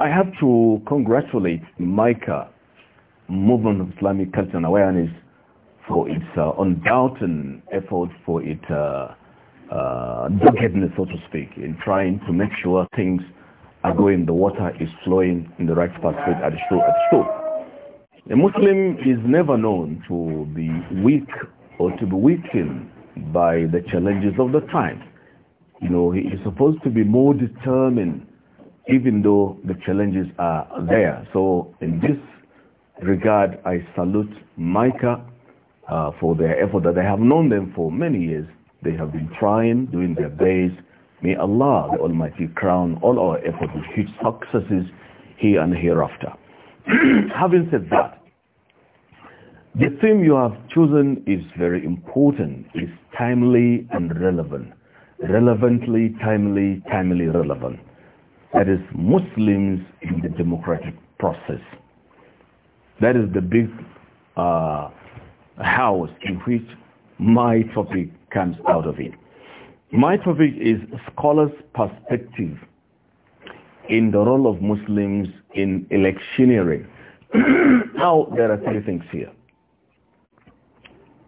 I have to congratulate Micah, Movement of Islamic Culture and Awareness, for its uh, undoubted effort, for its uh, uh, doggedness, so to speak, in trying to make sure things are going, the water is flowing in the right pathway at the shore. At the A Muslim is never known to be weak or to be weakened by the challenges of the time. You know, he is supposed to be more determined even though the challenges are there. So in this regard, I salute Micah uh, for their effort that I have known them for many years. They have been trying, doing their best. May Allah, the Almighty, crown all our efforts with huge successes here and hereafter. Having said that, the theme you have chosen is very important, is timely and relevant. Relevantly, timely, timely, relevant that is Muslims in the democratic process. That is the big uh, house in which my topic comes out of it. My topic is scholars' perspective in the role of Muslims in electioneering. now, there are three things here.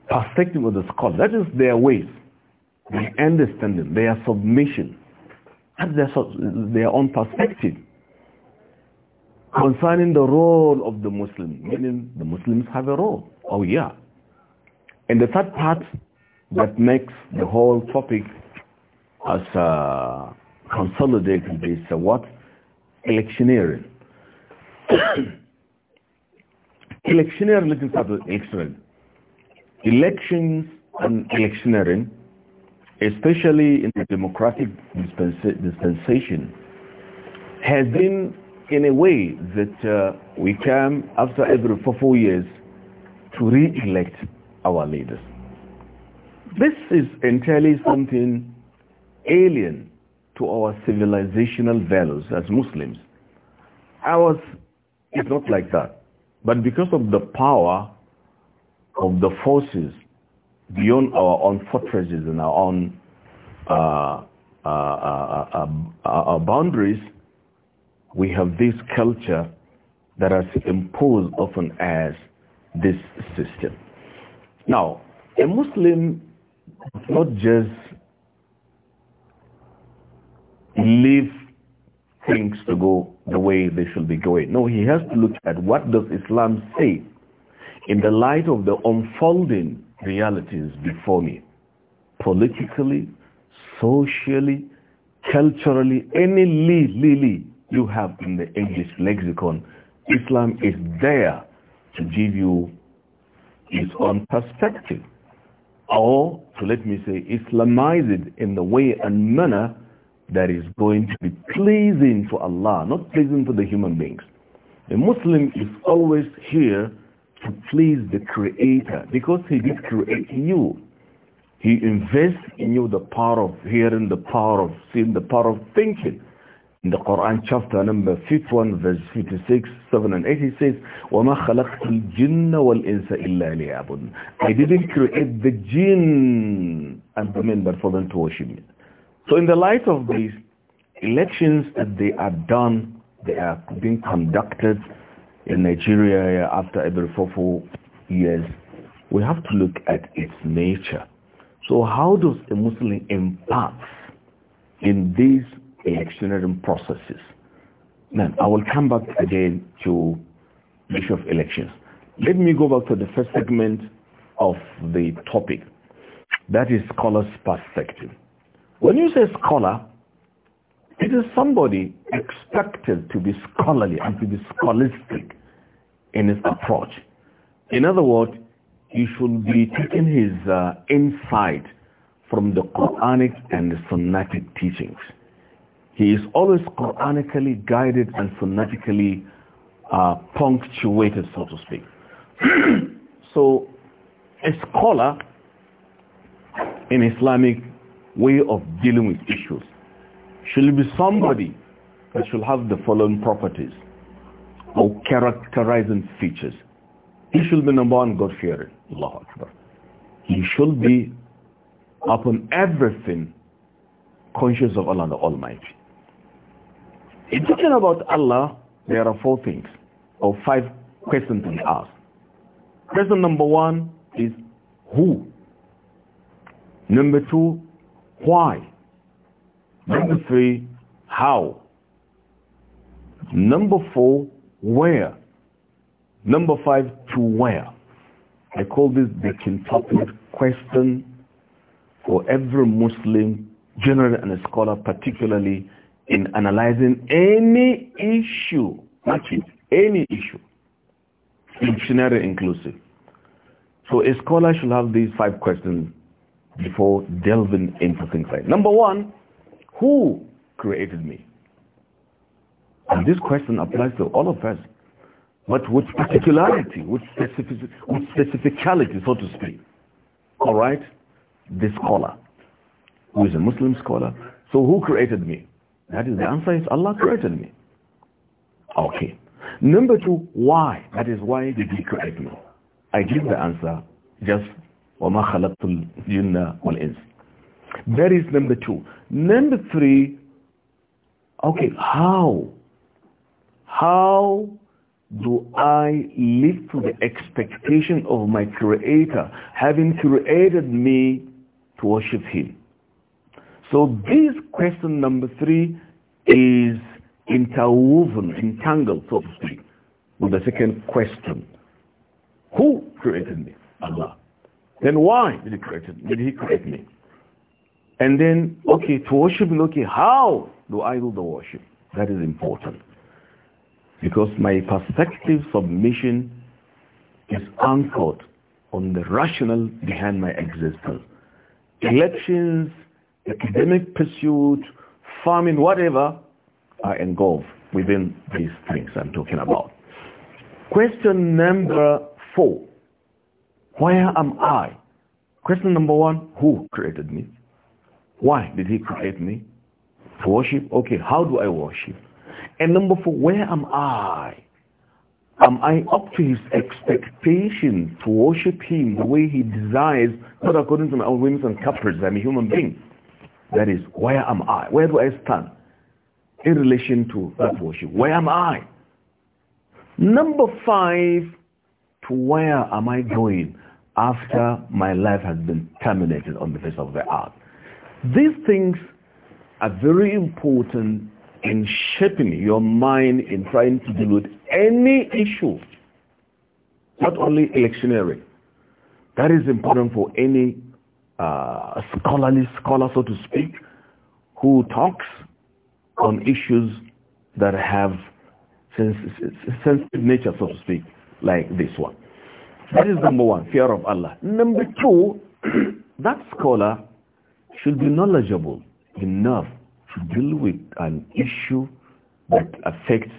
Perspective of the scholar, that is their ways, their understanding, their submission that's their, their own perspective concerning the role of the Muslim, meaning the Muslims have a role. Oh yeah. And the third part that makes the whole topic as uh, consolidated is uh, what? Electioneering. electioneering, let me start with electioneering. Elections and electioneering especially in the democratic dispensation, has been in a way that uh, we come after every four, four years to re-elect our leaders. This is entirely something alien to our civilizational values as Muslims. Ours is not like that. But because of the power of the forces beyond our own fortresses and our own uh, uh, uh, uh, uh boundaries, we have this culture that has imposed often as this system. Now, a Muslim not just leave things to go the way they should be going. No, he has to look at what does Islam say in the light of the unfolding realities before me, politically, socially, culturally, any li, li, li you have in the English lexicon, Islam is there to give you its own perspective or to let me say Islamize it in the way and manner that is going to be pleasing to Allah, not pleasing to the human beings. A Muslim is always here to please the Creator because He did create you. He invests in you the power of hearing, the power of seeing, the power of thinking. In the Quran chapter number 51 verse 56, 7 and 8 he says, وَمَا خَلَقْتُ الْجِنَّ وَالْإِنسَ إِلَّا لِيَعْبُدُونَ I didn't create the jinn and the men but for them to worship me. So in the light of these elections that they are done, they are being conducted in Nigeria after every four, four years, we have to look at its nature. So how does a Muslim impact in these electionary processes? Now, I will come back again to bishop issue of elections. Let me go back to the first segment of the topic. That is scholar's perspective. When you say scholar, it is somebody expected to be scholarly and to be scholastic in his approach. In other words, he should be taking his uh, insight from the Quranic and the Sunnatic teachings. He is always Quranically guided and Sunnatically uh, punctuated, so to speak. so, a scholar in Islamic way of dealing with issues should be somebody that should have the following properties or characterizing features. He should be number one, God-fearing. Allah Akbar. He should be upon everything conscious of Allah the Almighty. In talking about Allah, there are four things or five questions to be asked. Question number one is who? Number two, why? Number three, how? Number four, where? Number five, to where? I call this the quintuple question for every Muslim, general and a scholar, particularly in analyzing any issue, not it, any issue, dictionary inclusive. So a scholar should have these five questions before delving into things like Number one, who created me? And this question applies to all of us. But with particularity, with, specific, with so to speak. All right? This scholar, who is a Muslim scholar. So who created me? That is the answer is Allah created me. Okay. Number two, why? That is why did he create me? I give the answer just وَمَا خَلَقْتُ الْجِنَّ وَالْإِنسِ that is number two. Number three, okay, how? How do I live to the expectation of my Creator, having created me to worship Him? So this question number three is interwoven, entangled, so to speak, with the second question. Who created me? Allah. Then why did he create, did he create me? And then, okay, to worship, okay, how do I do the worship? That is important. Because my perspective submission is anchored on the rationale behind my existence. Elections, academic pursuit, farming, whatever, are engulfed within these things I'm talking about. Question number four. Where am I? Question number one, who created me? Why did he create me? To worship? Okay, how do I worship? And number four, where am I? Am I up to his expectation to worship him the way he desires, not according to my own whims and caprices? I'm a human being. That is, where am I? Where do I stand in relation to that worship? Where am I? Number five, to where am I going after my life has been terminated on the face of the earth? These things are very important in shaping your mind in trying to deal with any issue, not only electioneering. That is important for any uh, scholarly scholar, so to speak, who talks on issues that have sensitive nature, so to speak, like this one. That is number one, fear of Allah. Number two, that scholar should be knowledgeable enough to deal with an issue that affects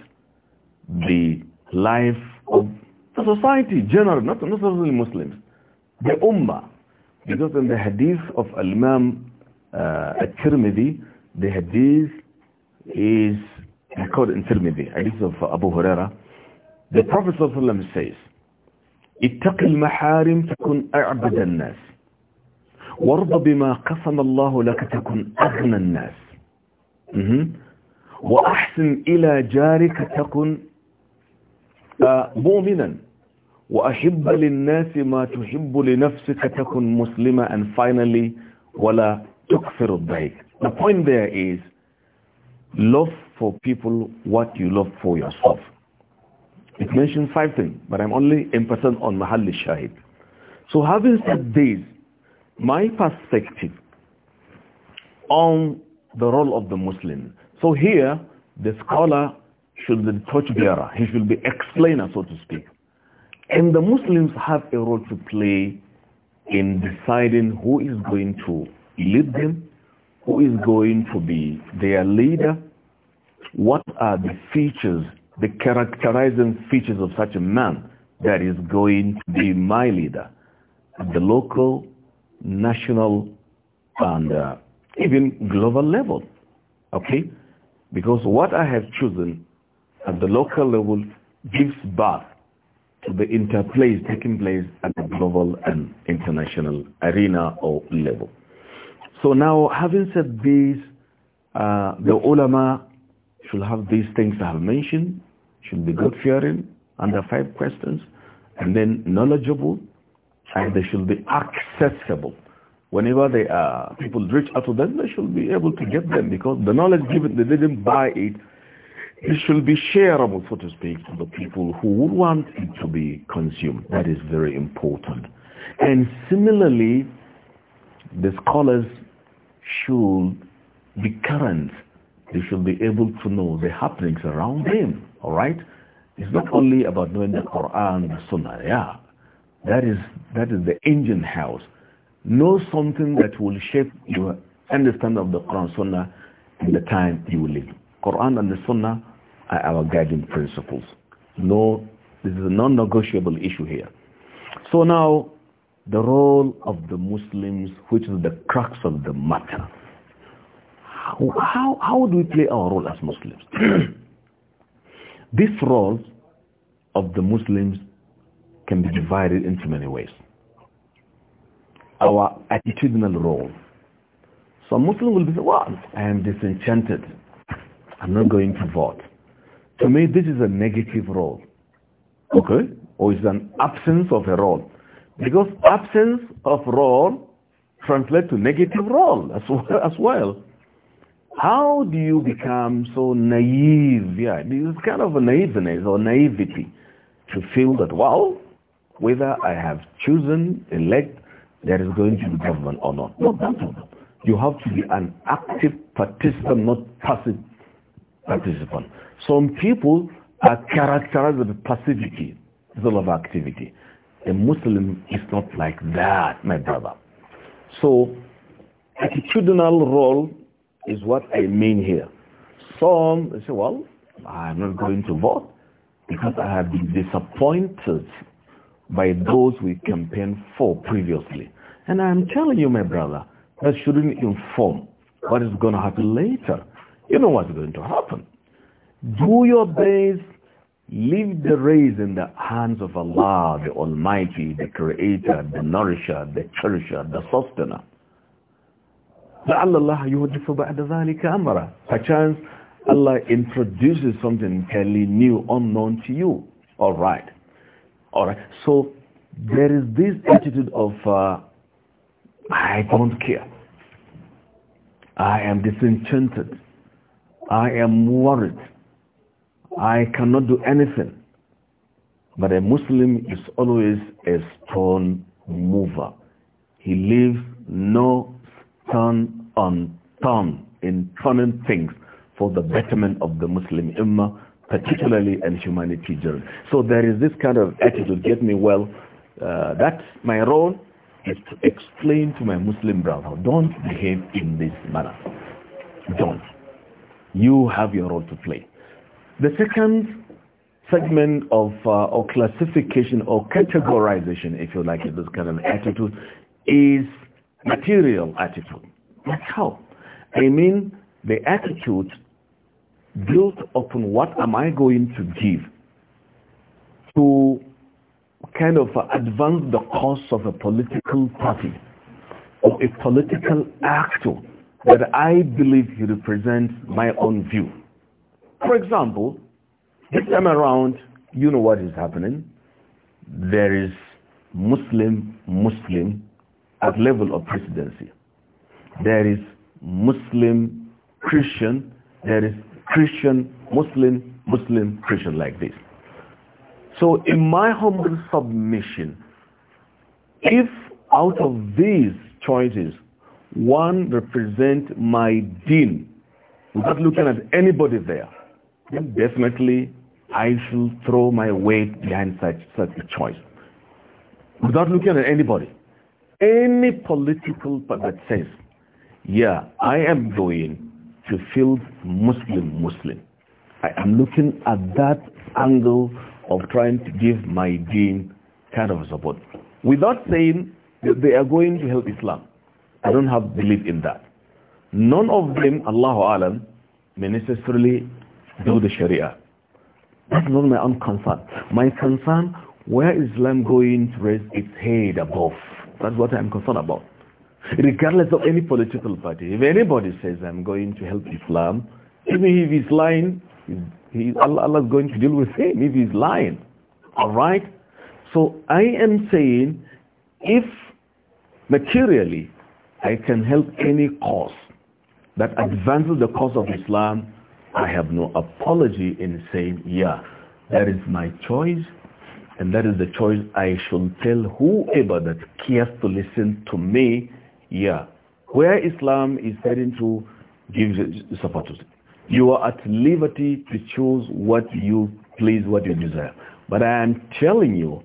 the life of the society generally, not necessarily Muslims, the Ummah. Because in the hadith of Imam uh, At-Tirmidhi, the hadith is recorded in Tirmidhi, hadith of Abu Huraira. The Prophet says, اتق المحارم تكن أعبد الناس وارض بما قسم الله لك تكن أغنى الناس وأحسن إلى جارك تكن مؤمنا وأحب للناس ما تحب لنفسك تكن مسلمة and finally ولا تكفر الضيق the point there is love for people what you love for yourself it mentions five things but I'm only emphasizing on Mahal Shahid so having said this my perspective on the role of the Muslim. So here, the scholar should be the torchbearer. He should be explainer, so to speak. And the Muslims have a role to play in deciding who is going to lead them, who is going to be their leader, what are the features, the characterizing features of such a man that is going to be my leader the local, national and uh, even global level. Okay? Because what I have chosen at the local level gives birth to the interplays taking place at the global and international arena or level. So now, having said this, uh, the ulama should have these things I have mentioned, should be good fearing, under five questions, and then knowledgeable, and they should be accessible. Whenever they are, uh, people reach out to them, they should be able to get them because the knowledge given, they didn't buy it. It should be shareable, so to speak, to the people who would want it to be consumed. That is very important. And similarly, the scholars should be current. They should be able to know the happenings around them, all right? It's not only about knowing the Quran, the Sunnah, yeah. That is, that is the engine house. Know something that will shape your understanding of the Quran Sunnah in the time you live. Quran and the Sunnah are our guiding principles. No, this is a non-negotiable issue here. So now, the role of the Muslims, which is the crux of the matter. How, how, how do we play our role as Muslims? this role of the Muslims can be divided into many ways. Our attitudinal role. Some Muslim will be saying, well, I am disenchanted. I'm not going to vote. To me, this is a negative role. Okay? Or it's an absence of a role. Because absence of role translates to negative role as well. As well. How do you become so naive? Yeah, this is kind of a naiveness or naivety to feel that, well, whether I have chosen, elect, there is going to be government or not. Not that problem. You have to be an active participant, not passive participant. Some people are characterized with passivity, zone of activity. A Muslim is not like that, my brother. So, attitudinal role is what I mean here. Some say, well, I'm not going to vote because I have been disappointed by those we campaigned for previously. And I'm telling you, my brother, that shouldn't inform what is going to happen later. You know what's going to happen. Do your best. Leave the race in the hands of Allah, the Almighty, the Creator, the Nourisher, the Cherisher, the Sustainer. لعل الله يهدف بعد ذلك أمرا. Perchance Allah introduces something entirely new, unknown to you. All right. All right. So there is this attitude of, uh, I don't care. I am disenchanted. I am worried. I cannot do anything. But a Muslim is always a stone mover. He leaves no stone unturned in turning things for the betterment of the Muslim Ummah, particularly in humanity, So there is this kind of attitude, get me well, uh, that's my role is to explain to my Muslim brother, don't behave in this manner. Don't. You have your role to play. The second segment of uh, or classification or categorization, if you like, this kind of attitude is material attitude. Like how? I mean the attitude built upon what am I going to give to kind of advance the cause of a political party or a political actor that I believe he represents my own view. For example, this time around, you know what is happening. There is Muslim, Muslim at level of presidency. There is Muslim, Christian, there is Christian, Muslim, Muslim, Christian like this. So in my humble submission, if out of these choices one represent my deen without looking at anybody there, then definitely I shall throw my weight behind such, such a choice without looking at anybody. Any political that says, yeah, I am going." To feel Muslim Muslim. I am looking at that angle of trying to give my deen kind of support. Without saying they are going to help Islam. I don't have belief in that. None of them, Allahu Alam, may necessarily do the Sharia. That's not my own concern. My concern, where is Islam going to raise its head above? That's what I'm concerned about regardless of any political party. If anybody says, I'm going to help Islam, even if he's lying, he, Allah is going to deal with him if he's lying. All right? So I am saying, if materially I can help any cause that advances the cause of Islam, I have no apology in saying, yeah, that is my choice, and that is the choice I shall tell whoever that cares to listen to me yeah. Where Islam is heading to, give support to You are at liberty to choose what you please, what you desire. But I am telling you,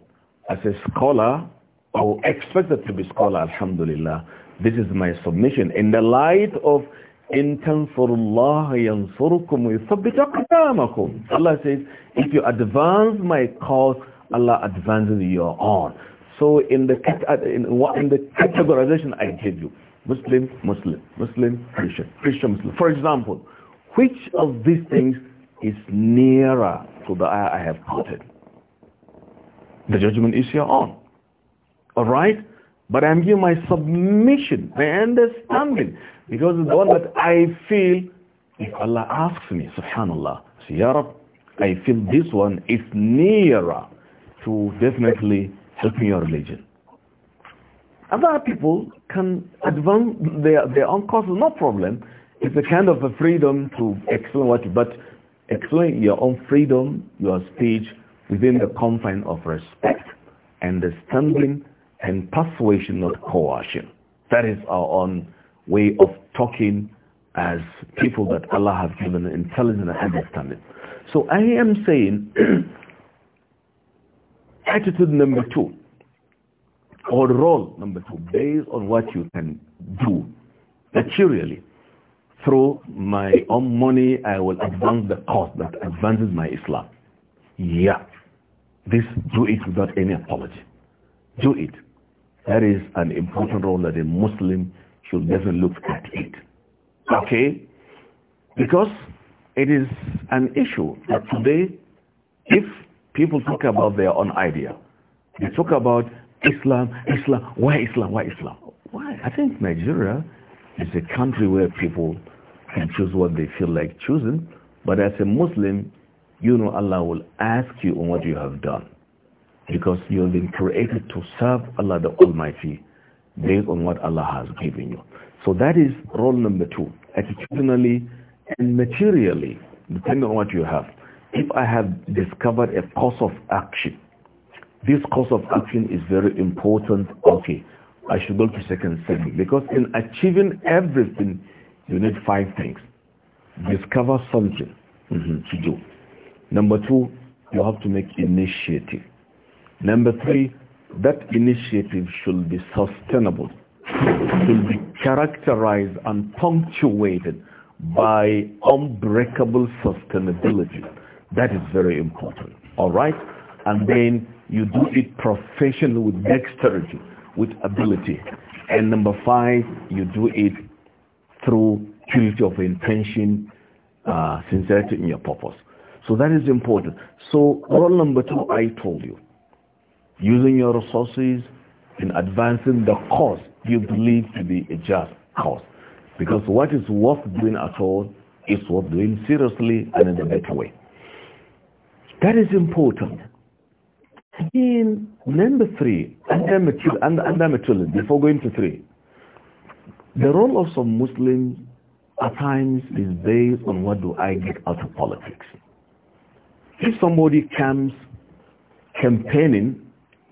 as a scholar, or expected to be scholar, alhamdulillah, this is my submission. In the light of in tansurullah yansurkum yuthabbit aqdamakum. Allah says, if you advance my cause, Allah advances your own. So in the, uh, in, in the categorization I gave you, Muslim, Muslim, Muslim, Christian, Christian, Muslim. For example, which of these things is nearer to the ayah I have quoted? The judgment is your own. All right? But I'm giving my submission, my understanding, because the one that I feel, if Allah asks me, subhanAllah, say, Ya Rab, I feel this one is nearer to definitely helping your religion. Other people can advance their, their own cause, no problem. It's a kind of a freedom to explain what, but explain your own freedom, your speech, within the confine of respect, understanding, and persuasion, not coercion. That is our own way of talking as people that Allah has given intelligence and understanding. So I am saying Attitude number two, or role number two, based on what you can do materially. Through my own money, I will advance the cause that advances my Islam. Yeah, this do it without any apology. Do it. That is an important role that a Muslim should never look at it. Okay? Because it is an issue that today, if people talk about their own idea. They talk about Islam, Islam, why Islam, why Islam? Why? I think Nigeria is a country where people can choose what they feel like choosing. But as a Muslim, you know Allah will ask you on what you have done. Because you have been created to serve Allah the Almighty based on what Allah has given you. So that is role number two, attitudinally and materially, depending on what you have if I have discovered a course of action, this course of action is very important, okay, I should go to second setting. Because in achieving everything, you need five things. Discover something mm -hmm, to do. Number two, you have to make initiative. Number three, that initiative should be sustainable, should be characterized and punctuated by unbreakable sustainability. That is very important. All right? And then you do it professionally with dexterity, with ability. And number five, you do it through purity of intention, uh, sincerity in your purpose. So that is important. So rule number two, I told you, using your resources in advancing the cause you believe to be a just cause. Because what is worth doing at all is worth doing seriously and in a better way. That is important. In number three, under material, before going to three, the role of some Muslims at times is based on what do I get out of politics. If somebody comes campaigning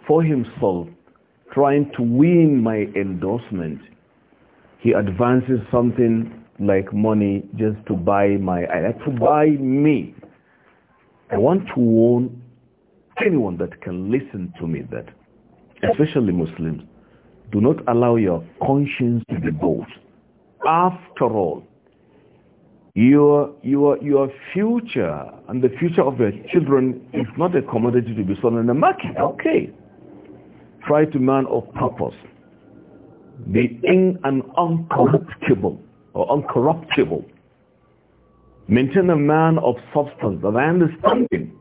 for himself, trying to win my endorsement, he advances something like money just to buy my uh, to buy me I want to warn anyone that can listen to me that, especially Muslims, do not allow your conscience to be bold. After all, your, your, your future and the future of your children is not a commodity to be sold in the market. Okay. Try to man of purpose. Be in and uncorruptible or uncorruptible Maintain a man of substance, of understanding.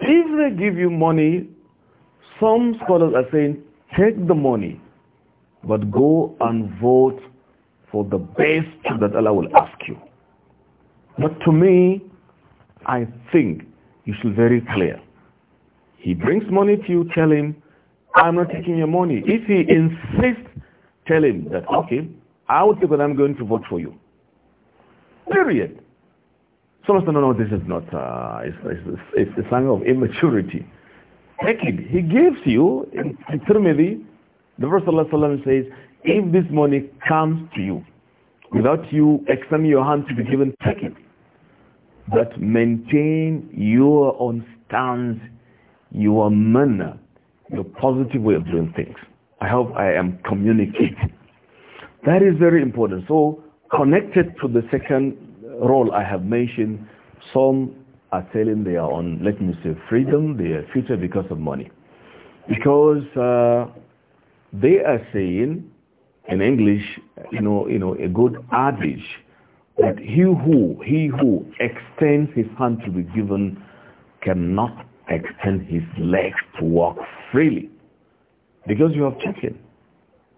If they give you money, some scholars are saying, take the money, but go and vote for the best that Allah will ask you. But to me, I think you should be very clear. He brings money to you, tell him, I'm not taking your money. If he insists, tell him that, okay, I will take what I'm going to vote for you. Period. So said, no, no, this is not, uh, it's, it's, it's a sign of immaturity. Take it. He gives you, in, Tirmidhi, the verse Allah says, if this money comes to you, without you extending your hand to be given, take it. But maintain your own stance, your manner, your positive way of doing things. I hope I am communicating. That is very important. So Connected to the second role I have mentioned, some are they are on. let me say, freedom, their future because of money. Because uh, they are saying, in English, you know, you know, a good adage, that he who, he who extends his hand to be given cannot extend his legs to walk freely. Because you have checking.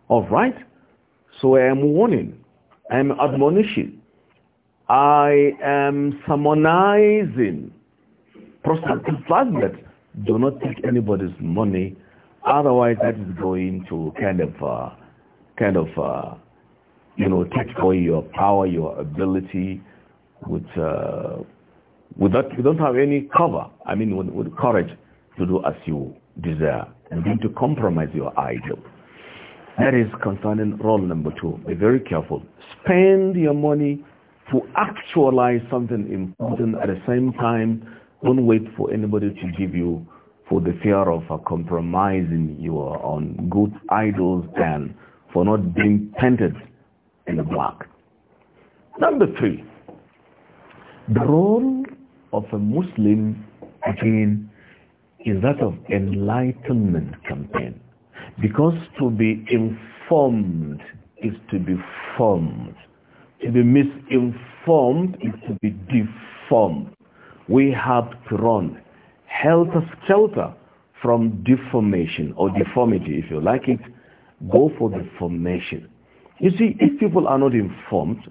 All right? So I am warning am admonishing. I am sermonizing. Prostitutes do not take anybody's money, otherwise that is going to kind of, uh, kind of, uh, you know, take away your power, your ability, with, uh, without you don't have any cover. I mean, with, with courage to do as you desire. and then to compromise your ideals. That is concerning rule number two. Be very careful. Spend your money to actualize something important at the same time. Don't wait for anybody to give you for the fear of uh, compromising your own good idols and for not being painted in the black. Number three, the role of a Muslim again is that of enlightenment campaign. Because to be informed is to be formed. To be misinformed is to be deformed. We have to run helter-skelter from deformation or deformity, if you like it. Go for the formation. You see, if people are not informed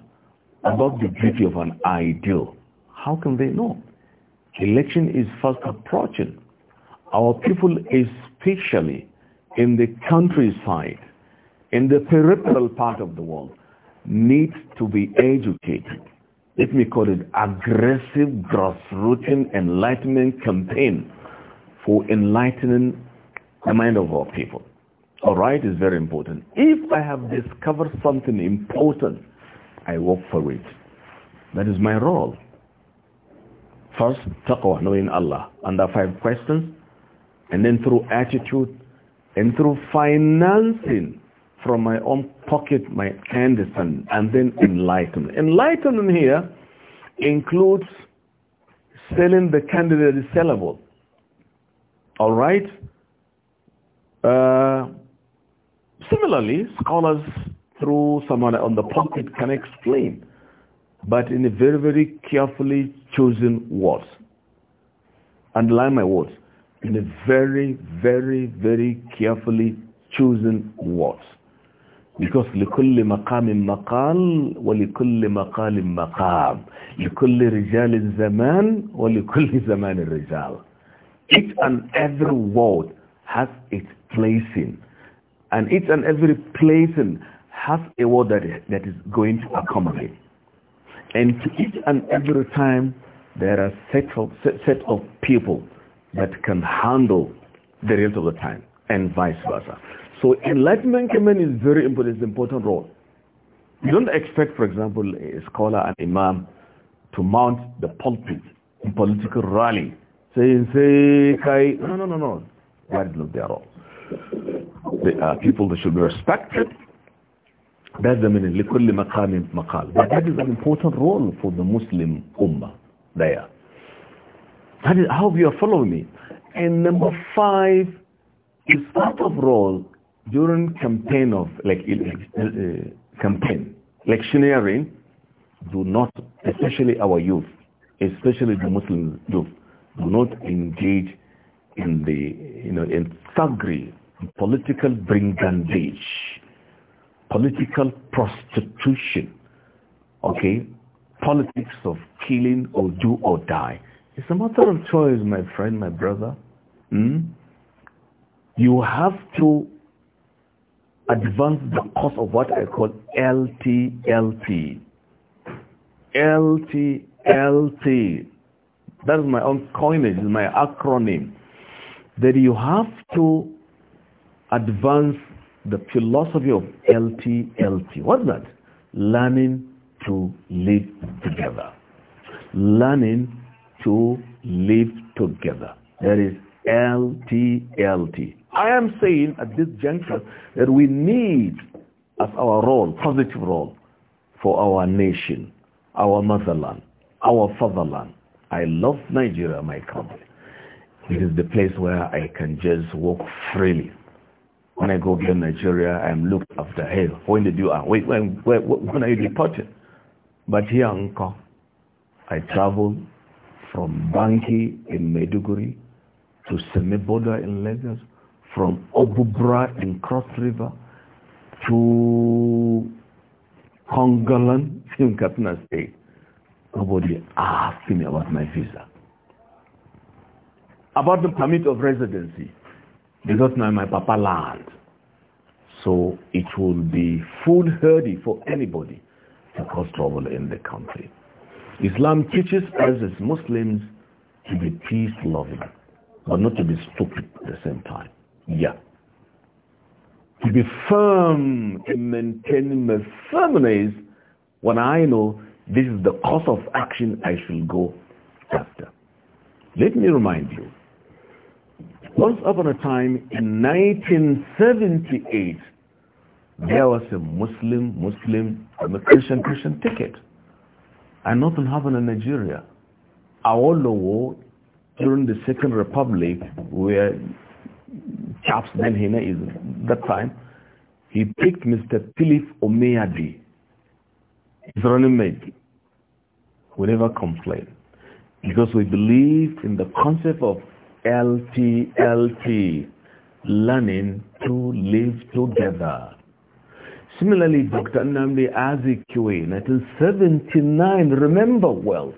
about the beauty of an ideal, how can they know? Election is fast approaching. Our people, especially in the countryside, in the peripheral part of the world, needs to be educated. Let me call it aggressive grassroots enlightenment campaign for enlightening the mind of our people. All right is very important. If I have discovered something important, I work for it. That is my role. First, taqwa, knowing Allah. Under five questions. And then through attitude, and through financing from my own pocket, my Anderson, and then enlightenment. Enlightenment here includes selling the candidate that is sellable. All right? Uh, similarly, scholars through someone on the pocket can explain, but in a very, very carefully chosen words. Underline my words in a very, very, very carefully chosen words. Because لكل مقام مقال ولكل مقال مقام لكل رجال الزمان ولكل زمان الرجال Each and every word has its placing and each and every placing has a word that is, that is going to accommodate. And to each and every time there are set of, set, set of people that can handle the rest of the time and vice versa. So enlightenment commitment is very important, it's an important role. You don't expect, for example, a scholar, an imam, to mount the pulpit in political rally, saying, say, Kai, no, no, no, no. That is not their role. They are people that should be respected. That's the meaning, لِكُلِّ مَقَامٍ مَقَالٍ. But that is an important role for the Muslim ummah there. That is, I you are following me. And number five is part of role during campaign of like uh, campaign electioneering. Do not, especially our youth, especially the Muslim youth, do not engage in the you know in thuggery, political brigandage, political prostitution. Okay, politics of killing or do or die it's a matter of choice, my friend, my brother. Hmm? You have to advance the cause of what I call LTLT. LTLT. That is my own coinage, my acronym. That you have to advance the philosophy of LTLT. What's that? Learning to live together. Learning to live together. That is LTLT. I am saying at this juncture that we need as our role, positive role, for our nation, our motherland, our fatherland. I love Nigeria, my country. It is the place where I can just walk freely. When I go to Nigeria, I am looked after. Hey, when did you, ah, wait, when, when, when are you departing? But here, uncle, I travel from Banki in Maiduguri to Semiboda in Lagos, from Obubra in Cross River to Kongolan in Katsina State. Nobody asked me about my visa. About the permit of residency, because now my papa land. So it will be foolhardy for anybody to cause trouble in the country. Islam teaches us as Muslims to be peace-loving, but not to be stupid at the same time. Yeah. To be firm in maintaining my firmness when I know this is the course of action I shall go after. Let me remind you, once upon a time in 1978, there was a Muslim, Muslim, and a Christian, Christian ticket and nothing happened in Nigeria. Awolowo, during the Second Republic, where chaps Benhina is that time, he picked Mr. Philip Omeyadi, his running mate. We never complain because we believe in the concept of LTLT, learning to live together. Similarly, Dr. Nnamdi Azikiwe, 1979, remember well.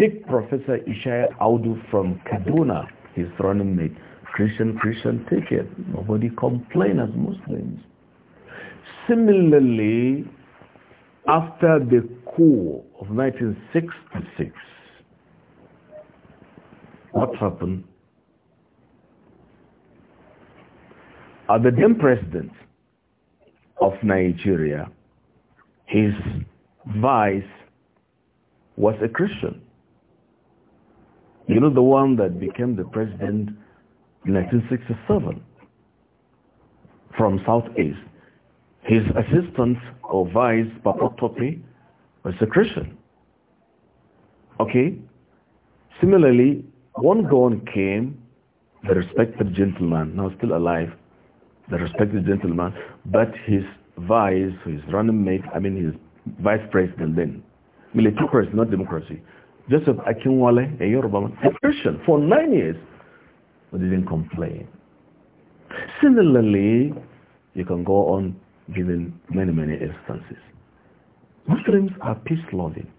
Take Professor Ishaya Audu from Kaduna, his running mate. Christian, Christian, take it. Nobody complain as Muslims. Similarly, after the coup of 1966, what happened? Uh, the then president, of Nigeria, his vice was a Christian. You know, the one that became the president in 1967 from Southeast. His assistant or vice, Babatope, was a Christian. Okay? Similarly, one gone came, the respected gentleman, now still alive, the respected gentleman, but his vice, his running mate, I mean his vice president then, militocracy, not democracy, Joseph Akinwale, a Yoruba man, a Christian for nine years, but didn't complain. Similarly, you can go on giving many, many instances. Muslims are peace-loving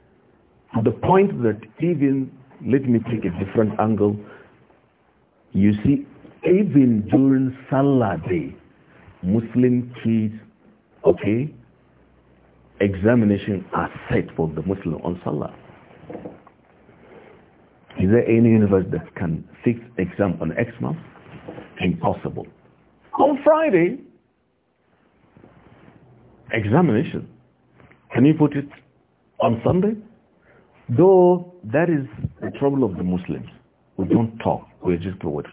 to the point that even, let me take a different angle, you see even during Salah day, Muslim kids, okay, examination are set for the Muslim on Salah. Is there any university that can fix exam on X month? Impossible. On Friday, examination. Can you put it on Sunday? Though that is the trouble of the Muslims. We don't talk. We're just broad.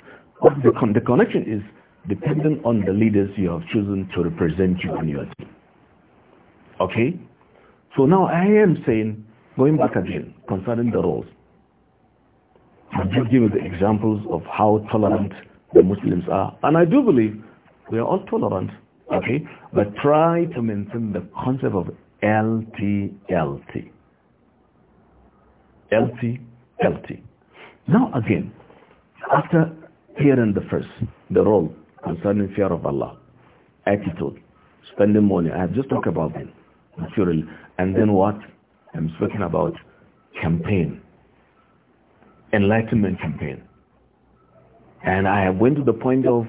But the, con the connection is dependent on the leaders you have chosen to represent you on your team. Okay? So now I am saying, going back again, concerning the roles. i just give you the examples of how tolerant the Muslims are. And I do believe we are all tolerant, okay? But try to maintain the concept of LTLT. LTLT. Now again, after here in the first, the role concerning fear of Allah, attitude, spending money. I have just talked about them, material. And then what? I'm speaking about campaign, enlightenment campaign. And I went to the point of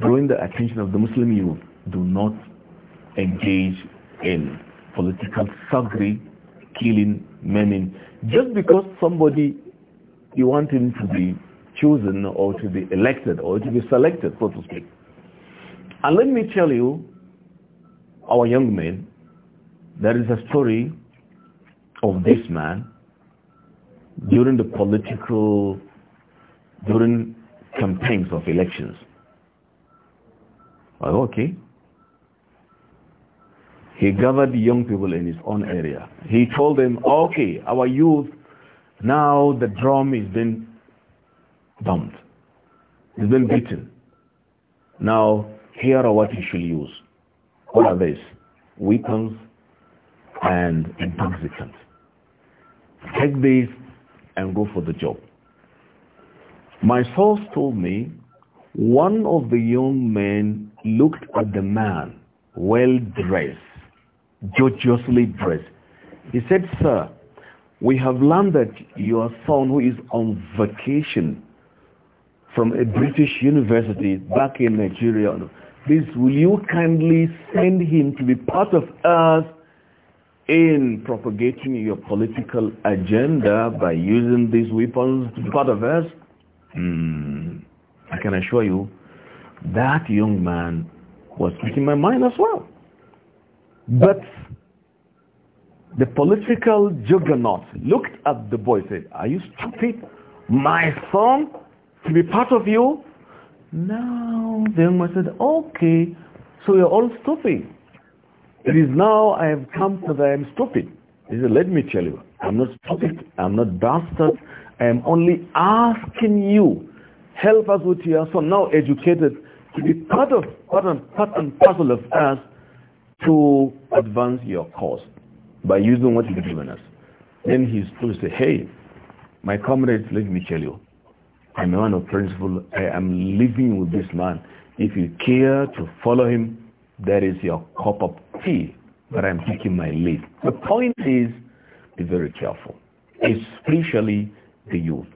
drawing the attention of the Muslim youth. Do not engage in political thuggery, killing, in, Just because somebody, you want him to be chosen or to be elected or to be selected, so to speak. And let me tell you, our young men, there is a story of this man during the political, during campaigns of elections. Oh, okay. He gathered young people in his own area. He told them, okay, our youth, now the drum is being bumped. He's been beaten. Now, here are what he should use. What are these? Weapons and intoxicants. Take these and go for the job. My source told me one of the young men looked at the man, well dressed, gorgeously dressed. He said, sir, we have learned that your son who is on vacation from a British university back in Nigeria. Please, will you kindly send him to be part of us in propagating your political agenda by using these weapons to be part of us? Hmm. I can assure you, that young man was speaking my mind as well. But the political juggernaut looked at the boy and said, are you stupid? My son to be part of you? Now the young man said, okay, so you're all stupid. It is now I have come to that I am stupid. He said, let me tell you, I'm not stupid, I'm not bastard, I am only asking you, help us with your son, now educated, to be part of, part and, part and parcel of us to advance your cause by using what you've given us. Then he stood to said, hey, my comrades, let me tell you, I'm a man of principle. I am living with this man. If you care to follow him, that is your cup of tea. But I'm taking my leave. The point is, be very careful, especially the youth.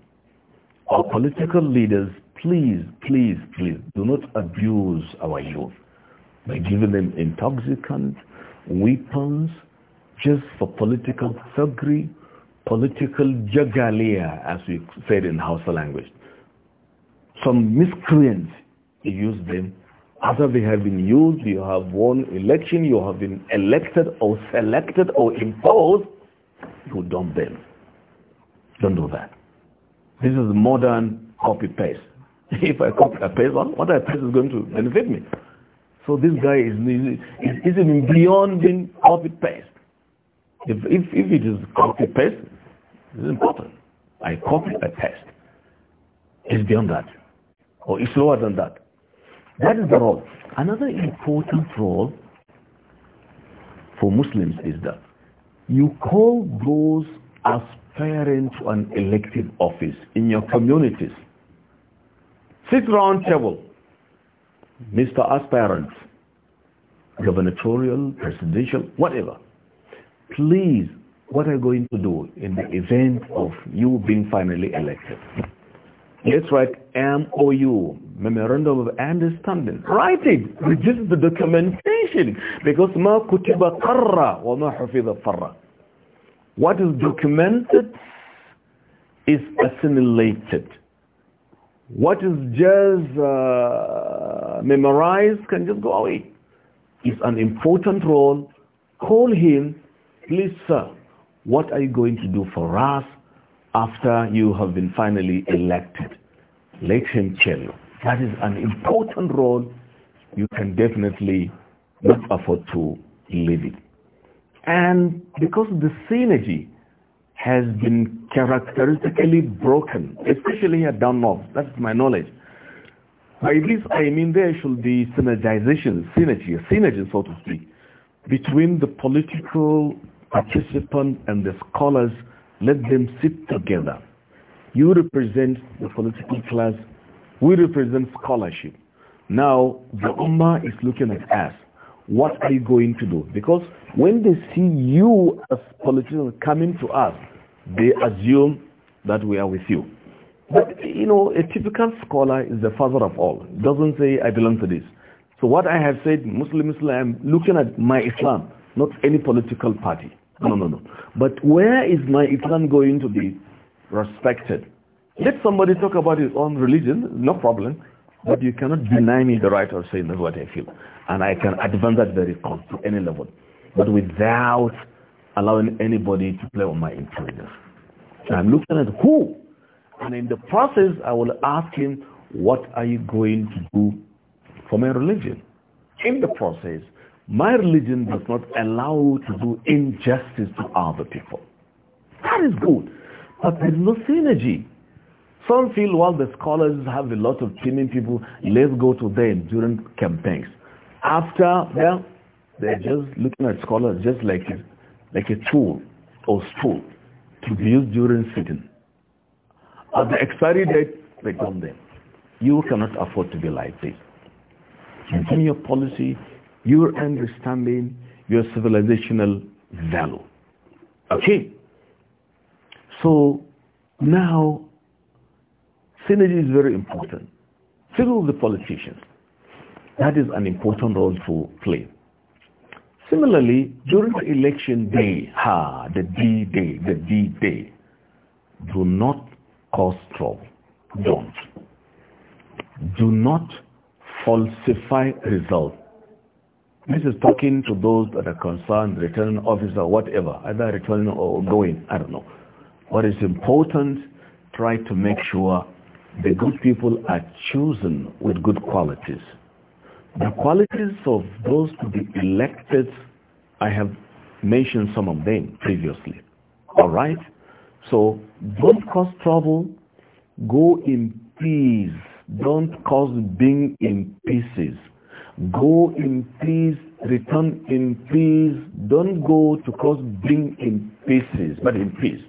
Our political leaders, please, please, please, do not abuse our youth by giving them intoxicant weapons just for political thuggery, political jagalia, as we said in Hausa language. Some miscreants use them. After they have been used, you have won election, you have been elected or selected or imposed, you dump them. Don't do that. This is modern copy-paste. If I copy a paste, what I paste is going to benefit me. So this guy is, is, is beyond being copy-paste. If, if, if it is copy-paste, it's important. I copy, I paste. It's beyond that or it's lower than that. That is the role. Another important role for Muslims is that you call those aspiring to an elective office in your communities. Sit round table. Mr. Aspirant, gubernatorial, presidential, whatever. Please, what are you going to do in the event of you being finally elected? Let's write MOU, Memorandum of Understanding. Write it. Register the documentation. Because kutiba كتب قرى وما حفظ فرى. What is documented is assimilated. What is just uh, memorized can just go away. It's an important role. Call him, please sir, what are you going to do for us? after you have been finally elected. Let him tell you. That is an important role you can definitely not afford to leave it. And because the synergy has been characteristically broken, especially here down north, that's my knowledge. By this I mean there should be synergization, synergy, synergy so to speak, between the political participant and the scholars let them sit together. You represent the political class. We represent scholarship. Now, the Ummah is looking at us. What are you going to do? Because when they see you as politicians coming to us, they assume that we are with you. But, you know, a typical scholar is the father of all. Doesn't say, I belong to this. So what I have said, Muslim Islam, I'm looking at my Islam, not any political party. No, no, no. But where is my Islam going to be respected? Let somebody talk about his own religion, no problem. But you cannot deny me the right of saying that's what I feel. And I can advance that very cause to any level. But without allowing anybody to play on my intelligence. And I'm looking at who. And in the process, I will ask him, what are you going to do for my religion? In the process, my religion does not allow to do injustice to other people. That is good. But there's no synergy. Some feel, well, the scholars have a lot of training people. Let's go to them during campaigns. After, well, they're just looking at scholars just like a, like a tool or stool to be used during sitting. At the expiry date, they come there. You cannot afford to be like this. Continue your policy your understanding, your civilizational value. Okay? So now, synergy is very important. Single the politicians. That is an important role to play. Similarly, during the election day, ha, the D-Day, the D-Day, do not cause trouble. Don't. Do not falsify results. This is talking to those that are concerned, returning officer, whatever, either returning or going, I don't know. What is important, try to make sure the good people are chosen with good qualities. The qualities of those to be elected, I have mentioned some of them previously. All right? So don't cause trouble. Go in peace. Don't cause being in pieces. Go in peace, return in peace. Don't go to cause being in pieces, but in peace.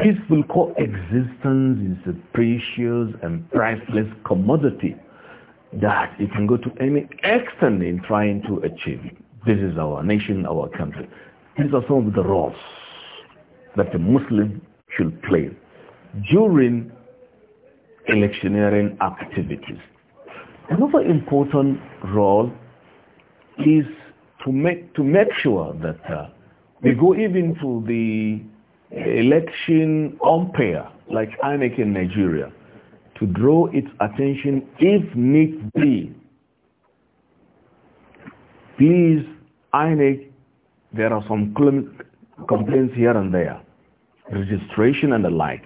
Peaceful coexistence is a precious and priceless commodity that you can go to any extent in trying to achieve. This is our nation, our country. These are some of the roles that a Muslim should play during electioneering activities. Another important role is to make, to make sure that uh, we go even to the election umpire, like INEC in Nigeria, to draw its attention if need be. Please, INEC, there are some complaints here and there, registration and the like.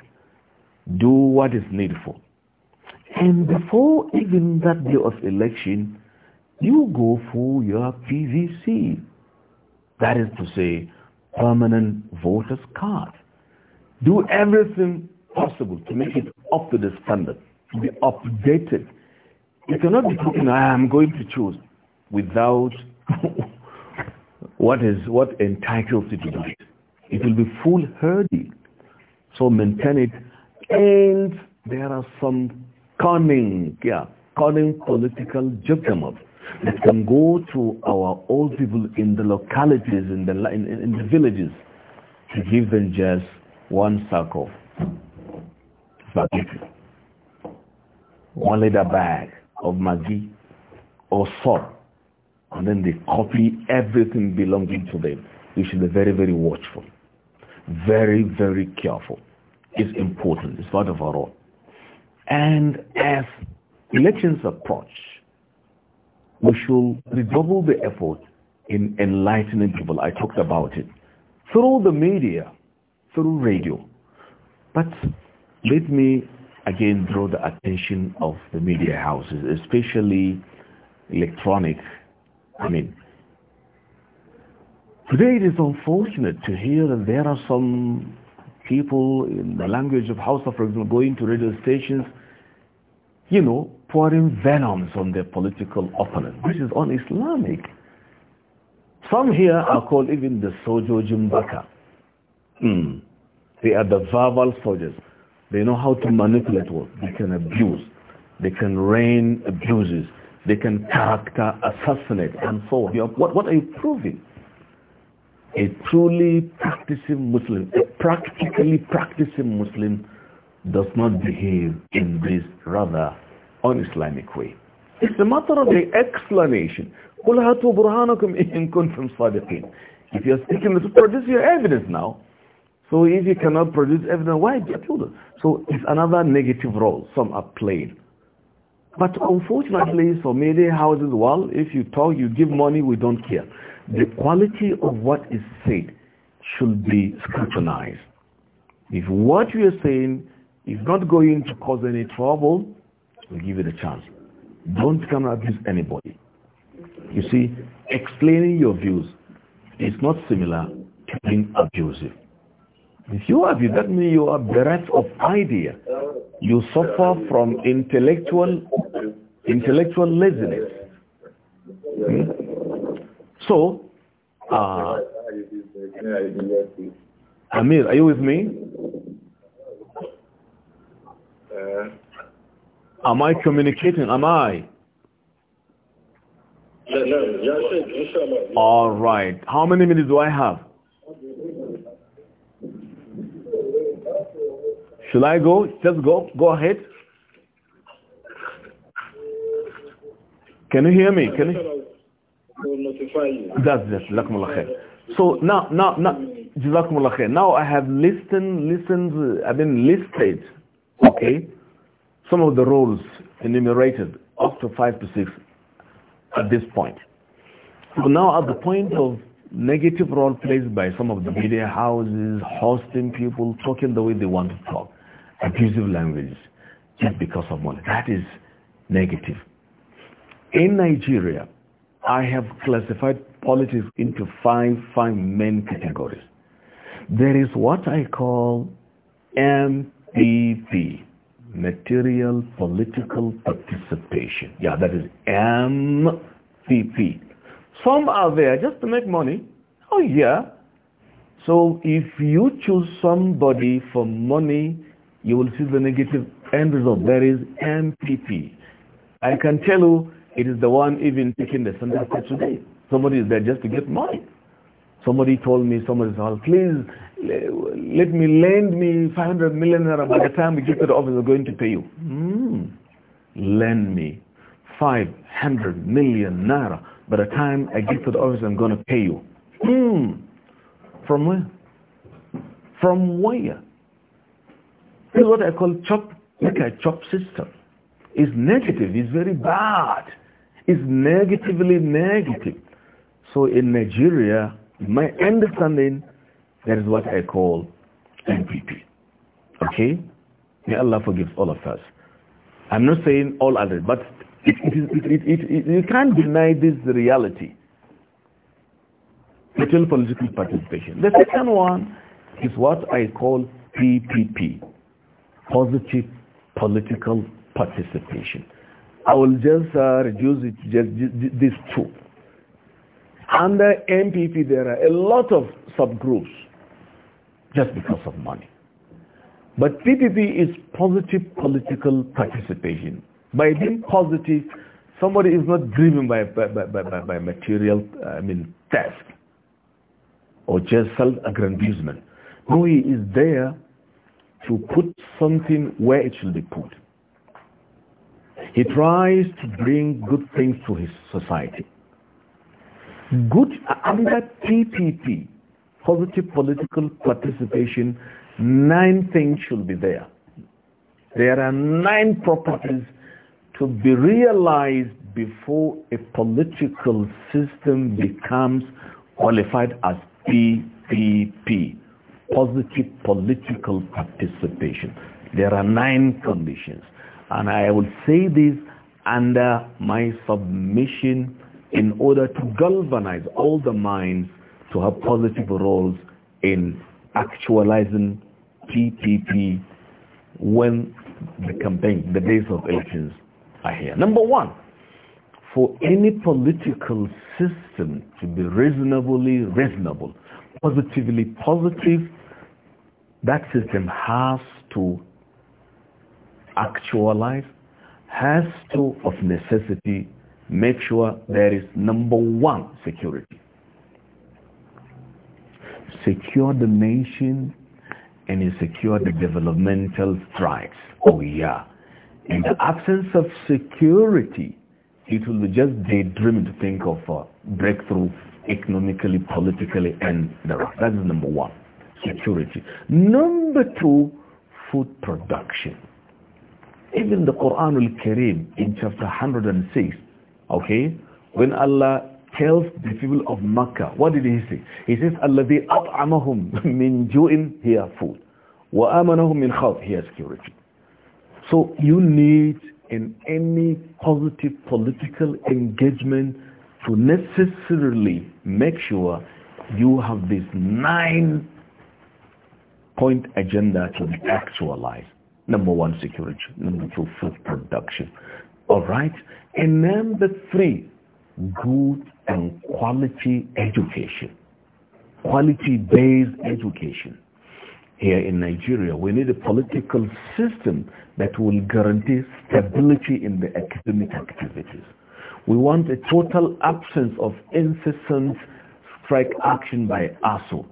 Do what is needful. And before even that day of election, you go for your PVC. That is to say, permanent voter's card. Do everything possible to make it up to the standard, to be updated. You cannot be talking, I am going to choose without what is what entitles you to do it. It will be foolhardy. So maintain it. And there are some cunning, yeah, cunning political juggernauts that can go to our old people in the localities, in the, in, in the villages, to give them just one sack of spaghetti, one liter bag of maggi or salt, and then they copy everything belonging to them. We should be very, very watchful, very, very careful. It's important. It's part of our role. And as elections approach, we should redouble the effort in enlightening people. I talked about it. Through the media, through radio. But let me again draw the attention of the media houses, especially electronic. I mean, today it is unfortunate to hear that there are some people in the language of Hausa, for example, going to radio stations, you know, pouring venoms on their political opponents. This is un-Islamic. Some here are called even the Sojo Jimbaka. Hmm. They are the verbal soldiers. They know how to manipulate words. They can abuse. They can rain abuses. They can character assassinate and so on. What, what are you proving? A truly practicing Muslim, a practically practicing Muslim does not behave in this rather un-Islamic way. It's a matter of the explanation. قُلْ هَاتُوا بُرْهَانَكُمْ إِن كُنْتُمْ صَادِقِينَ If you're seeking to produce your evidence now, so if you cannot produce evidence, why appeal? So it's another negative role some are playing. But unfortunately, so many houses, well, if you talk, you give money, we don't care. The quality of what is said should be scrutinized. If what you are saying is not going to cause any trouble, will give you the chance. Don't come and abuse anybody. You see, explaining your views is not similar to being abusive. If you abuse, that means you are bereft of idea. You suffer from intellectual intellectual laziness. Hmm? So, uh, Amir, are you with me? Uh, Am I communicating? Am I? All right. How many minutes do I have? Shall I go? Just go. Go ahead. Can you hear me? Can you? That's it. Jazakumullah khair. So now, now, now, Jazakumullah khair. Now I have listened, listened, I've been listed. Okay some of the roles enumerated up to five to six at this point. So now at the point of negative role played by some of the media houses, hosting people, talking the way they want to talk, abusive language, just because of money. That is negative. In Nigeria, I have classified politics into five, five main categories. There is what I call MPP, material political participation. Yeah, that is MPP. Some are there just to make money. Oh yeah. So if you choose somebody for money, you will see the negative end result. There is MPP. I can tell you it is the one even taking the center today. Somebody is there just to get money. Somebody told me, somebody said, please, let me lend me 500 million naira by the time we get to the office, I'm going to pay you. Mm. Lend me 500 million naira by the time I get to the office, I'm going to pay you. Mm. From where? From where? This is what I call chop, like a chop system. It's negative, it's very bad. It's negatively negative. So in Nigeria, my understanding, that is what I call MPP. Okay? May Allah forgive all of us. I'm not saying all others, but it, it, it, you can't deny this reality. Total political participation. The second one is what I call PPP, positive political participation. I will just uh, reduce it to just, just, these two. Under MPP, there are a lot of subgroups just because of money. But PPP is positive political participation. By being positive, somebody is not driven by, by, by, by, by material, I mean, task, or just self-aggrandizement. No, he is there to put something where it should be put. He tries to bring good things to his society. Good, under PPP, positive political participation, nine things should be there. There are nine properties to be realized before a political system becomes qualified as PPP, positive political participation. There are nine conditions. And I will say this under my submission in order to galvanize all the minds to have positive roles in actualizing PPP when the campaign, the days of elections are here. Number one, for any political system to be reasonably reasonable, positively positive, that system has to actualize, has to, of necessity, make sure there is number one security. Secure the nation and you secure the developmental strides. Oh yeah. In the absence of security, it will be just daydreaming to think of a uh, breakthrough economically, politically, and the rest. That is number one, security. Number two, food production. Even the Quran al-Karim in chapter 106 Okay? When Allah tells the people of Makkah, what did he say? He says, Allah الَّذِي أَطْعَمَهُمْ مِنْ جُوءٍ Here, food. وَآمَنَهُمْ مِنْ he Here, security. So you need in any positive political engagement to necessarily make sure you have this nine point agenda to actualize. Number one, security. Number two, food production. All right? And number three, good and quality education. Quality-based education. Here in Nigeria, we need a political system that will guarantee stability in the academic activities. We want a total absence of incessant strike action by ASO.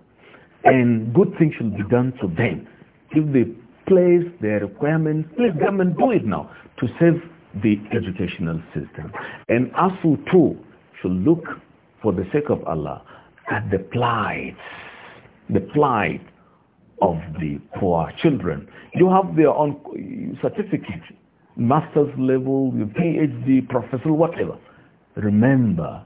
And good things should be done to them. If they place their requirements, please government do it now to save the educational system. And ASU too should look for the sake of Allah at the plight, the plight of the poor children. You have their own certificate, master's level, PhD, professor, whatever. Remember,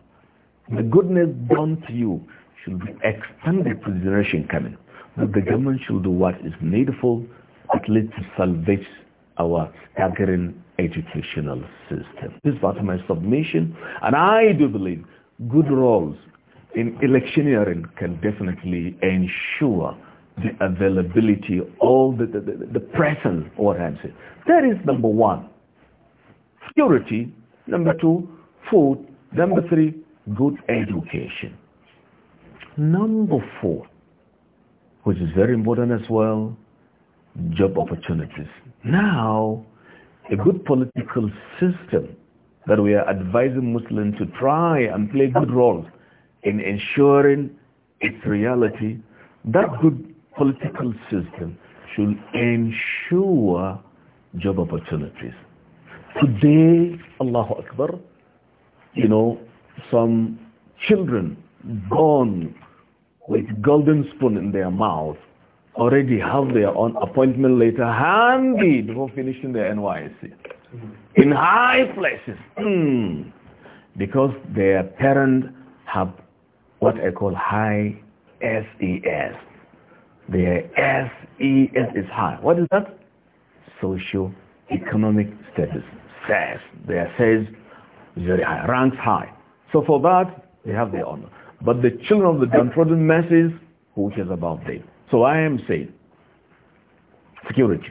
the goodness done to you should be extended to the generation coming. But the government should do what is needful, at least to salvage our staggering educational system. This part of my submission, and I do believe good roles in electioneering can definitely ensure the availability, all the, the, the, the presence, what I'm saying. That is number one, security. Number two, food. Number three, good education. Number four, which is very important as well, job opportunities. Now, a good political system that we are advising Muslims to try and play good roles in ensuring its reality, that good political system should ensure job opportunities. Today, Allahu Akbar, you know, some children born with golden spoon in their mouth already have their own appointment later handy before finishing their NYC mm-hmm. In high places. Hmm. because their parents have what I call high SES. Their SES is high. What is that? Socio-economic status. SES. Their SES is very high, ranks high. So for that, they have their honor. But the children of the downtrodden masses, who cares about them? So I am saying, security.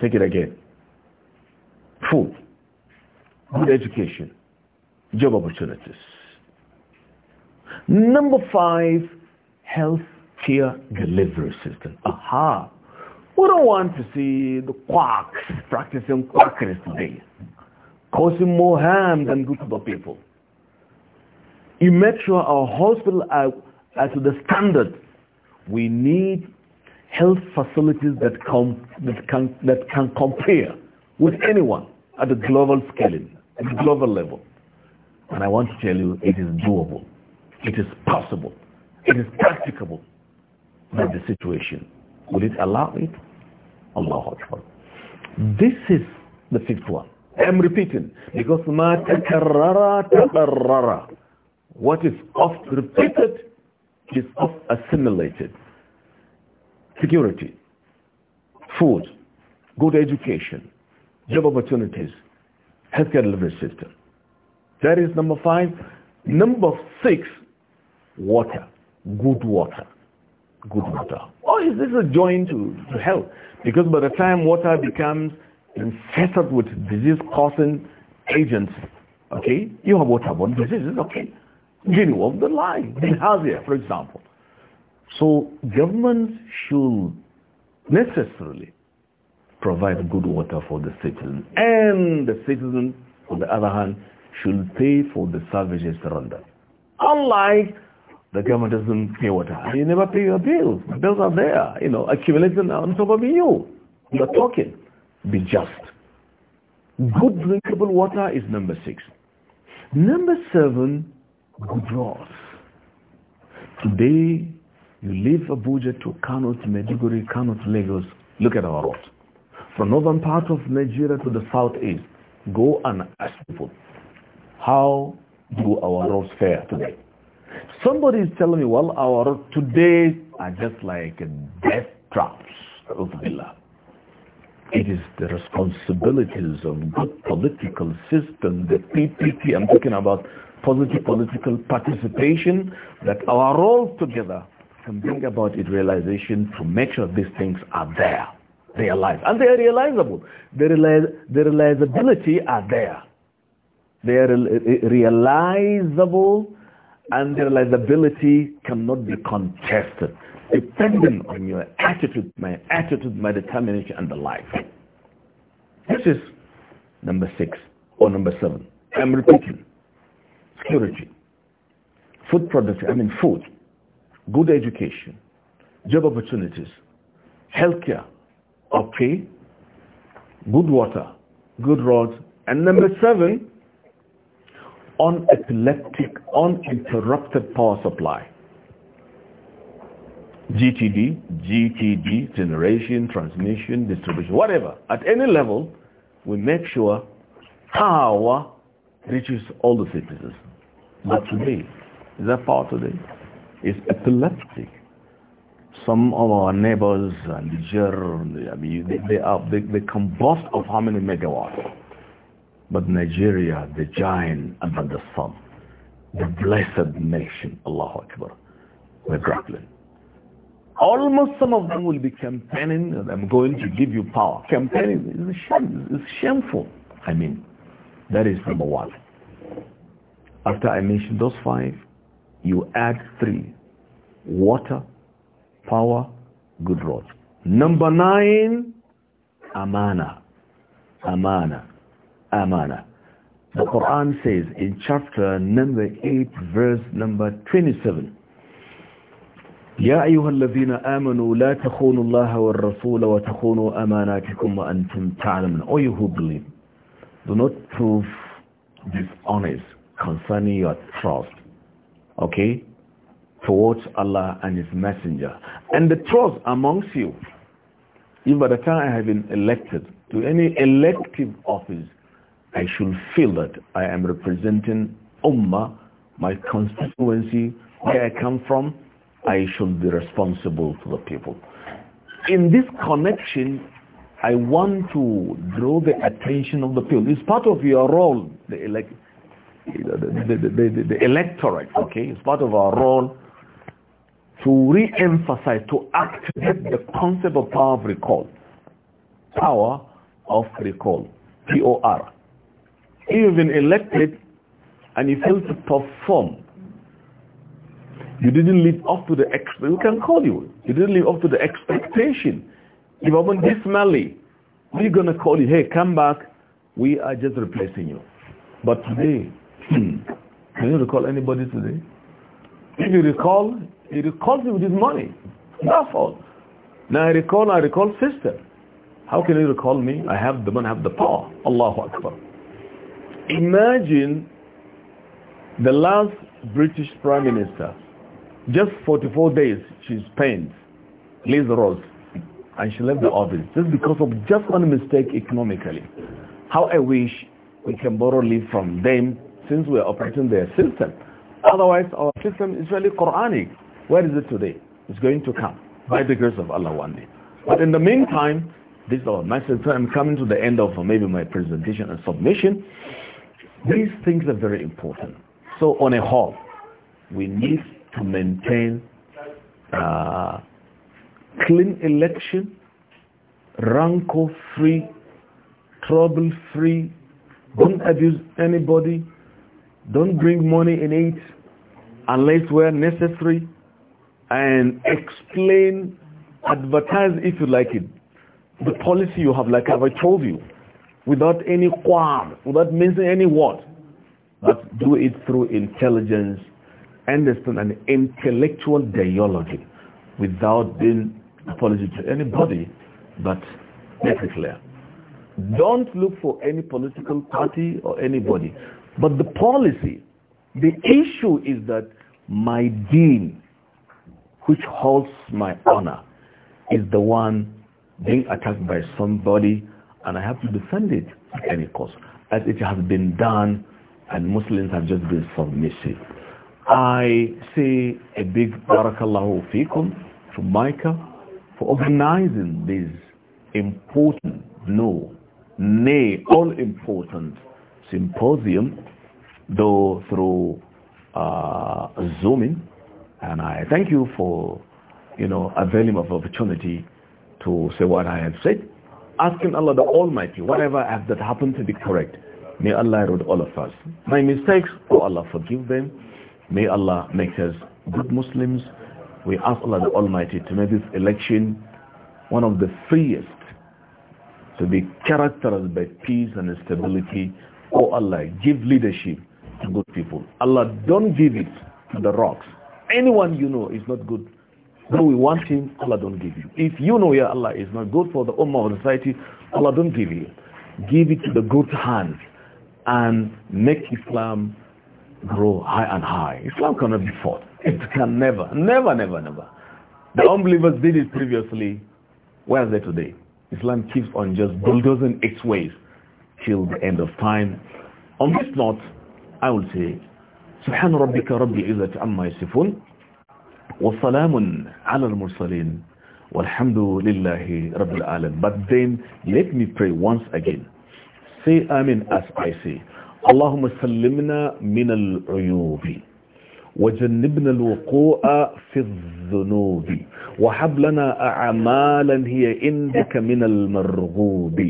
Take it again. Food. Good education. Job opportunities. Number five, health care delivery system. Aha. We don't want to see the quacks practicing quackery today, causing more harm than good to the people. You make sure our hospitals are, are to the standard we need health facilities that, com that, can, that can compare with anyone at a global scaling, at a global level. And I want to tell you, it is doable. It is possible. It is practicable. But the situation, will it allow it? Allah This is the fifth one. I'm repeating because ma takarrara takarrara. What is oft repeated is oft assimilated security, food, good education, job opportunities, healthcare delivery system. That is number five. Number six, water, good water, good water. Or is this a joint to, to health? Because by the time water becomes infested with disease-causing agents, okay, you have waterborne diseases, okay. Guinea of the Line, bilharzia, for example. So governments should necessarily provide good water for the citizen. And the citizen, on the other hand, should pay for the services rendered. Unlike the government doesn't pay water. You never pay your bills. The bills are there, you know, accumulating on top of you. You're talking. Be just. Good drinkable water is number six. Number seven, good roads. Today, you leave Abuja to Kano to Maiduguri, Kano to Lagos. Look at our roads. From northern part of Nigeria to the southeast, go and ask people, how do our roads fare today? Somebody is telling me, well, our roads today are just like death traps. It is the responsibilities of good political system, the PPP, I'm talking about positive political participation, that our roles together can bring about its realization to make sure these things are there. They are alive. And they are realizable. The, reali the realizability are there. They are re realizable and the realizability cannot be contested. Depending on your attitude, my attitude, my determination and the life. This is number six or number seven. I'm repeating. Security. Food production, I mean food good education, job opportunities, healthcare okay. good water, good roads, and number seven, unepileptic, uninterrupted power supply. GTD, GTD, generation, transmission, distribution, whatever. At any level, we make sure power reaches all the citizens. But today, is that power today? is epileptic. Some of our neighbors, Niger, I mean, they, they, are, they, they combust of how many megawatts? But Nigeria, the giant under the sun, the blessed nation, Allahu Akbar, we're grappling. Almost some of them will be campaigning, I'm going to give you power. Campaigning is shame, it's shameful. I mean, that is number one. After I mentioned those five, you add three. Water, power, good roads. Number nine, amana. Amana. Amana. The Quran says in chapter number 8, verse number 27, يا أيها الذين آمنوا لا تخونوا الله والرسول وتخونوا أماناتكم وأنتم تعلمون All you who believe, do not prove dishonest concerning your trust okay, towards Allah and His Messenger. And the trust amongst you, if by the time I have been elected to any elective office, I should feel that I am representing Ummah, my constituency, where I come from, I should be responsible to the people. In this connection, I want to draw the attention of the people. It's part of your role, the elect the, the, the, electorate, okay, it's part of our role to re-emphasize, to activate the concept of power of recall. Power of recall, P-O-R. You've been elected and you fail to perform. You didn't live up to the, ex we can call you, you didn't live up to the expectation. If I want this Mali, we're going to call you, hey, come back, we are just replacing you. But today, Hmm. Can you recall anybody today? If you recall, he recalls you with his money. That's all. Now I recall, I recall sister. How can you recall me? I have the money, I have the power. Allahu Akbar. Imagine the last British Prime Minister, just 44 days she spent, Liz rose and she left the office just because of just one mistake economically. How I wish we can borrow leave from them since we're operating their system. Otherwise, our system is really Quranic. Where is it today? It's going to come by the grace of Allah one day. But in the meantime, this is our message. So I'm coming to the end of maybe my presentation and submission. These things are very important. So on a whole, we need to maintain uh, clean election, rancor-free, trouble-free, don't abuse anybody, don't bring money in it unless where necessary and explain, advertise if you like it, the policy you have like I've told you without any qualm, without missing any word. But do it through intelligence, understand an intellectual dialogue without being apology to anybody, but make it clear. Don't look for any political party or anybody. But the policy, the issue is that my deen, which holds my honor, is the one being attacked by somebody and I have to defend it at any cost. As it has been done and Muslims have just been submissive. I say a big barakallahu fikum to Micah for organizing this important, no, nay, all important symposium, though through uh, Zooming. And I thank you for, you know, availing of opportunity to say what I have said. Asking Allah the Almighty, whatever has that happened to be correct, may Allah reward all of us. My mistakes, oh Allah forgive them. May Allah make us good Muslims. We ask Allah the Almighty to make this election one of the freest to be characterized by peace and stability Oh Allah, give leadership to good people. Allah, don't give it to the rocks. Anyone you know is not good. Though we want him, Allah don't give you. If you know, Ya Allah, is not good for the Ummah or society, Allah don't give you. Give it to the good hands and make Islam grow high and high. Islam cannot be fought. It can never, never, never, never. The unbelievers did it previously. Where are they today? Islam keeps on just bulldozing its ways till the end of time. On this note, I will say, سبحان ربك رب العزة عما يصفون وسلام على المرسلين والحمد لله رب العالمين. But then let me pray once again. Say Amin as I say. اللهم سلمنا من العيوب وجنبنا الوقوع في الذنوب وحب لنا أعمالا هي عندك من المرغوب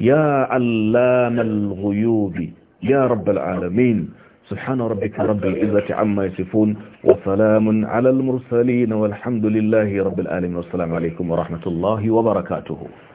يا علام الغيوب يا رب العالمين سبحان ربك رب العزة عما يصفون وسلام على المرسلين والحمد لله رب العالمين والسلام عليكم ورحمة الله وبركاته